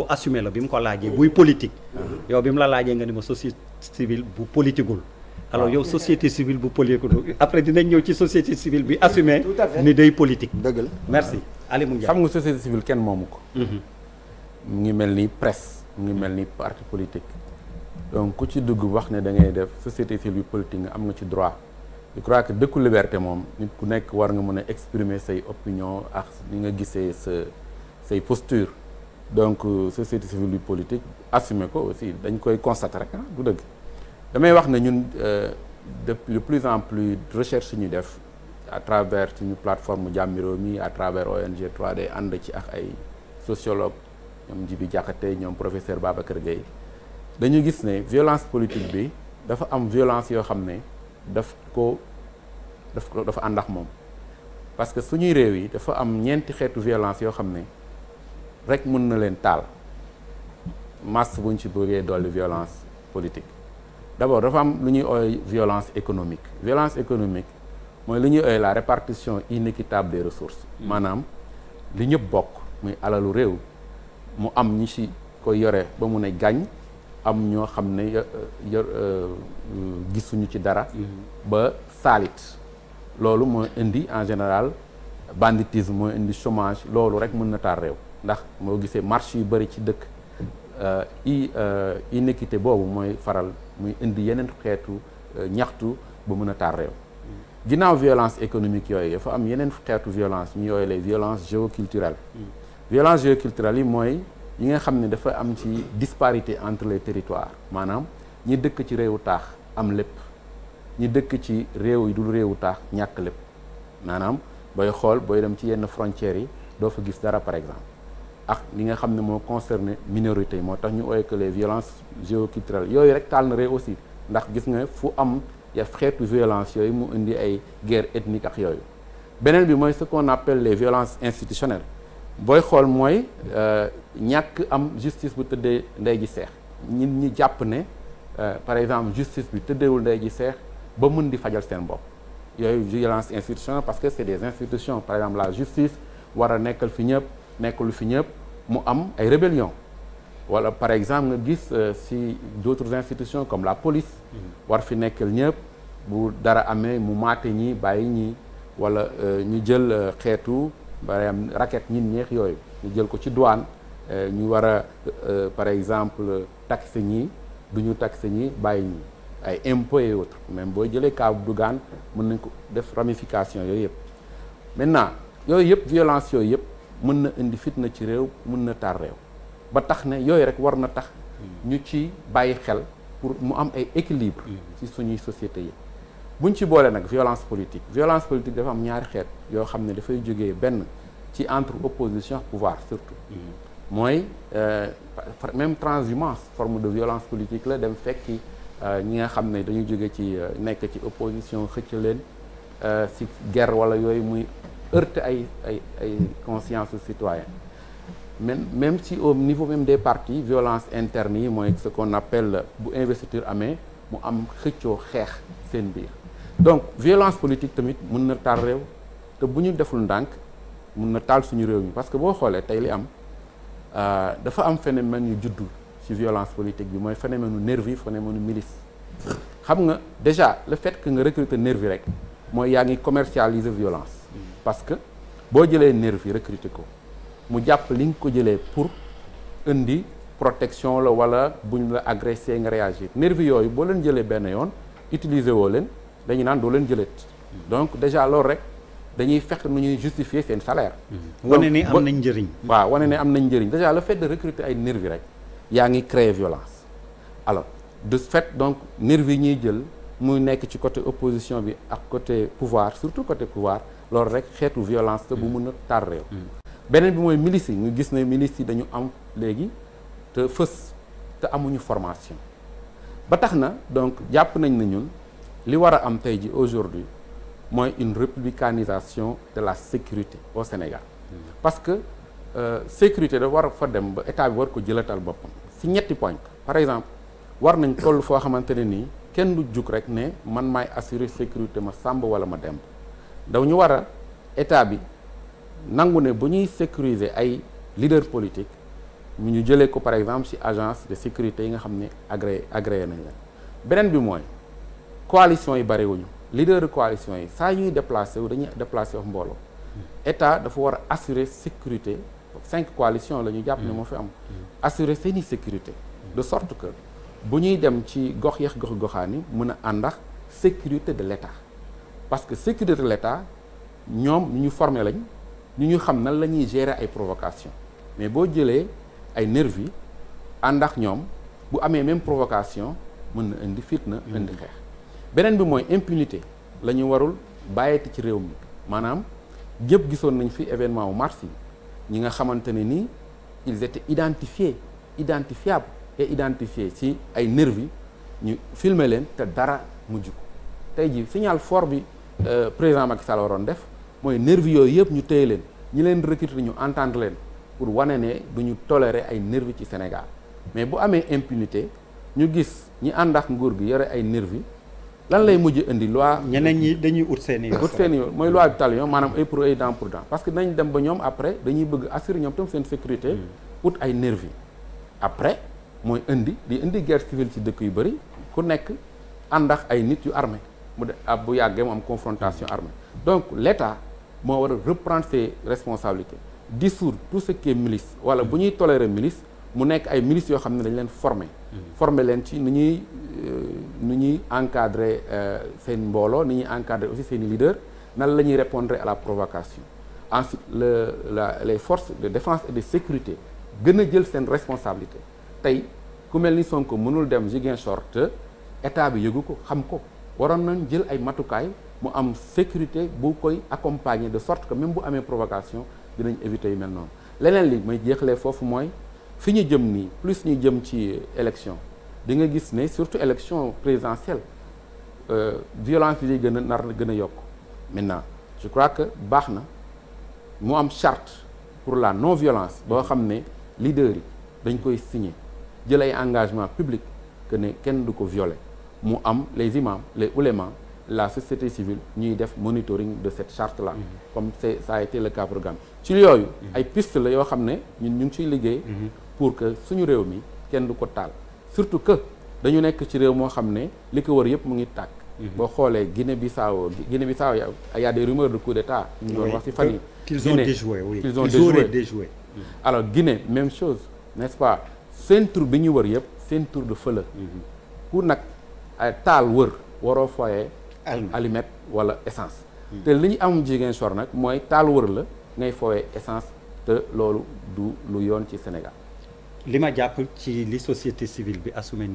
bu assumé la bi mu ko laajee buy politique yow bi mu la laajee nga ni ma société civile bu politiqueul alors ah. yow société civile bu politiqueul après dinañ ñëw ci société civile bi assumé ni day politique dëgg la merci Ali Moundiaye xam nga société civile kenn moomu ko mhm. mu ngi mel ni presse mu ngi mel ni parti politique donc ku ci dugg wax ne da ngay def société civile bi politique nga am nga ci droit je crois que dëkku liberté moom nit ku nekk war nga mën a exprimer say opinion ak ni nga gise sa say posture donc euh, société civile bi politique assumé ko aussi dañ koy constater rek ah du dëgg damay wax na ñun euh, de de plus en plus recherche ñu def à travers suñu plateforme Jàmmi Réew mi à travers ONG 3D ànd ci ak ay sociologue ñoom Djibi Diakhaté ñoom professeur Babacar Gueye dañu gis ne violence politique bi dafa am violence yoo xam ne daf ko daf ko dafa ànd ak moom parce que suñuy réew yi dafa am ñeenti xeetu violence yoo xam ne rek mën na leen taal masse buñ ci bëggee dolli violence politique d'abord dafa am lu ñuy ooy violence économique violence économique mooy lu ñuy ooy la répartition inéquitable des ressource mm. maanaam li ñëpp bokk muy alalu réew mu am ñi ci ko yore ba mu ne gàñ am ñoo xam ne yor euh, gisuñu ci dara mm. ba saalit loolu moo indi en général banditisme moo indi chômage loolu rek mën na taal réew ndax moo gisee marché yu bëri ci dëkk euh, i euh, inéquité boobu mooy faral muy indi yeneen xeetu euh, ñaxtu ba mën a taar réew ginnaaw violence économique yooyu dafa am yeneen xeetu violence ñu yooyu les violences géoculturelles violence géoculturelle yi mooy yi nga xam ne dafa am ci disparité entre les territoires maanaam ñi dëkk ci réewu taax am lépp ñi dëkk ci réew yi dul réewu taax ñàkk lépp maanaam booy xool booy dem ci yenn frontières yi doo fa gis dara par exemple ak li nga xam ne moo concerné minorité yi moo tax ñu ooye que les violences géoculturelles yooyu rek taal na réew aussi ndax gis nga fu am ya xeetu violence yooyu mu indi ay guerre ethnique ak yooyu beneen bi mooy ce qu'on appelle les violences institutionnelles booy xool mooy euh, ñàkk am justice bu tëddee ndey ji seex nit ñi jàpp ne euh, par exemple justice bi tëddeewul ndey ji seex ba mën di fajal seen bopp yooyu violence institutionnelle parce que c'est des institutions par exemple la justice war a nekkal fi ñëpp nekkalu fi ñëpp mu am ay rébellion wala par exemple nga gis euh, si d'autres institutions comme la police war fi nekkal ñëpp bu dara amee mu maate ñi bàyyi ñi wala euh, ñu jël euh, xeetu par raquette ñin ñeex yooyu ñu jël ko ci douane ñu war a par exemple taxe ñi du ñu taxe ñi bàyyi ñi ay impôts et autres même boo jëlee cas dugaan mën nañ ko def ramification yooyu yëpp maintenant yooyu yëpp violence yooyu yëpp mën na indi fitna ci réew mun na taar réew ba tax ne yooyu rek war na tax ñu ci bàyyi xel pour mu am ay équilibre ci suñuy société yi buñ ci boole nag violence politique violence politique dafa am ñaari xeet yoo xam ne dafay jógee benn ci entre opposition ak pouvoir surtout mm-hmm. mooy euh, même transhumance forme de violence politique la dem fekki euh, ñi nga xam ne dañu jóge ci euh, nekk ci opposition xëcc leen si guerre wala yooyu muy heurte ay ay ay conscience citoyen même même si au niveau même des partie violence interne yi mooy ce qu'on appelle bu investiture amee mu am xëccoo xeex seen biir donc violence politique tamit mun na taal réew te bu ñu deful ndànk mun na taal suñu réew mi parce que boo xoolee tey li am euh, dafa am phénomène yu juddu ci violence politique bi mooy phénomène u nervi phénomène milice xam nga déjà le fait que nga recruter nervi rek mooy yaa ngi commercialiser violence parce que boo jëlee nervi yi recruter ko mu jàpp li nga ko jëlee pour indi protection la wala buñ la agressé nga réagir nervi yooyu boo leen jëlee benn yoon utilisé woo leen dañuy naan doo leen jëleet donc déjà loolu rek dañuy fekk nu ñuy justifier seen salaire. Mm-hmm. wane ne am nañ njëriñ. waaw wane ne am nañ njëriñ déjà le fedd de recruter ay nervi rek yaa ngi créer violence alors de fait donc nervi yi ñuy jël mu nekk ci côté opposition bi ak côté pouvoir surtout côté pouvoir. loolu rek xeetu violence bu mun hmm. a tar réew hmm. beneen bi mooy milices yi ñu gis ne milices dañu am léegi te fës te amuñu formation ba tax na donc jàpp nañ na ñun li war a am tey ji aujourd'hui mooy une républicanisation de la sécurité au Sénégal hmm. parce que euh, sécurité dafa war fa dem ba état bi war ko jëlatal boppam si ñetti point par exemple war nañ toll foo xamante ne nii kenn du jug rek ne man may assurer sécurité ma sàmb wala ma demb daw ñu war a état bi nangu ne bu ñuy sécuriser ay leader politique mu ñu jëlee ko par exemple ci agence de sécurité yi nga xam ne agré agréé nañ la beneen bi mooy coalition yi bariwuñu leader de coalition yi saa ñuy déplacé wu dañuy déplacé wax mbooloo état dafa war a assurer sécurité cinq coalition la ñu jàpp ne moo fi am assurer seeni sécurité de sorte que bu ñuy dem ci gox yeex gox goxaan yi mën a àndax sécurité de l' état parce que sécurité de l'État ñoom ñu formé lañ ñu ñu xam nan la ñuy gérer ay provocation mais boo jëlee ay nervi ànd ak ñoom bu amee même provocation mën na indi fitna mm. indi xeex beneen bi mooy impunité la ñu warul bàyyeti ci réew mi maanaam yëpp gisoon nañu fi événement wu mars yi ñi nga xamante ne nii ils étaient identifiés identifiables et ci ay nervi ñu filmer leen te dara mujj ko tey ji signal fort bi Euh, président Macky Sall def mooy nervi yooyu yëpp ñu téye leen ñi leen recruter ñu entendre leen pour wane ne du ñu tolérer ay nervi ci Sénégal mais bu amee impunité ñu gis ñi ànd ak nguur gi yore ay nervi lan lay mujj indi loi. ñeneen ñi dañuy ut seeni i. ut mooy loi du talion maanaam ay pro ay dent pour dent parce que dañ dem ba ñoom après dañuy bëgg assurer ñoom tam seen sécurité. Hmm. ut ay nervi après mooy indi di indi guerre civile ci dëkk yu bëri ku nekk ànd ak ay nit yu armé. mu de ah, bu yàggee mu am confrontation armée donc l'État moo war a reprendre ses responsabilités dissoudre tout ce qui est milice wala bu ñuy tolérer milice mu nekk ay milices yoo xam ne dañ leen former mm-hmm. former leen ci ni ñuy euh, ni ñuy encadrer euh, seen mbooloo ni ñuy encadrer aussi seen i leaders nan la ñuy répondre à la provocation ensuite le la les force de défense et de sécurité gën a jël seen responsabilité tey ku mel ni Sonko mënul dem Ziguinchor te état bi yëgu ko xam ko waroon nañ jël ay matukaay mu am sécurité bu koy accompagner de sorte que même bu amee provocation dinañ éviter yu mel noonu leneen li may jeexalee foofu mooy fi ñu jëm nii plus ñu jëm ci élection di nga gis ne surtout élection présidentielle euh, violence yi day gën a nar gën a yokk maintenant je crois que baax na mu am chart pour la non violence boo xam ne leader yi dañ koy signer jël ay engagement public que ne kenn du ko violer mu am les imams les oulémas la société civile ñuy def monitoring de cette charte là. Mhm. comme c'est a été le cas pour Gambie ci yooyu. Mhm. ay piste la yoo xam ne ñun ñu ngi ciy liggéey. Mhm. pour que suñu réew mi kenn du ko taal. surtout que dañu nekk ci réew moo xam ne li ko wër yëpp mu ngi tàkk. boo xoolee Guinée Bissau Guinée Bissau y a des rumeurs de coup d'état ñu doon wax ci fan yi. qu'ils ont déjoué oui qu'ils ont déjoué alors Guinée même chose n'est-ce pas seen tour bi ñu wër yëpp seen tour de feu la. ku nag. ay taal wër waroo foyee allumette wala essence hmm. te li ñu am jigéen sor nag mooy taal wër la ngay foyee essence te loolu du lu yoon ci Sénégal li ma jàpp ci li société civile bi assumé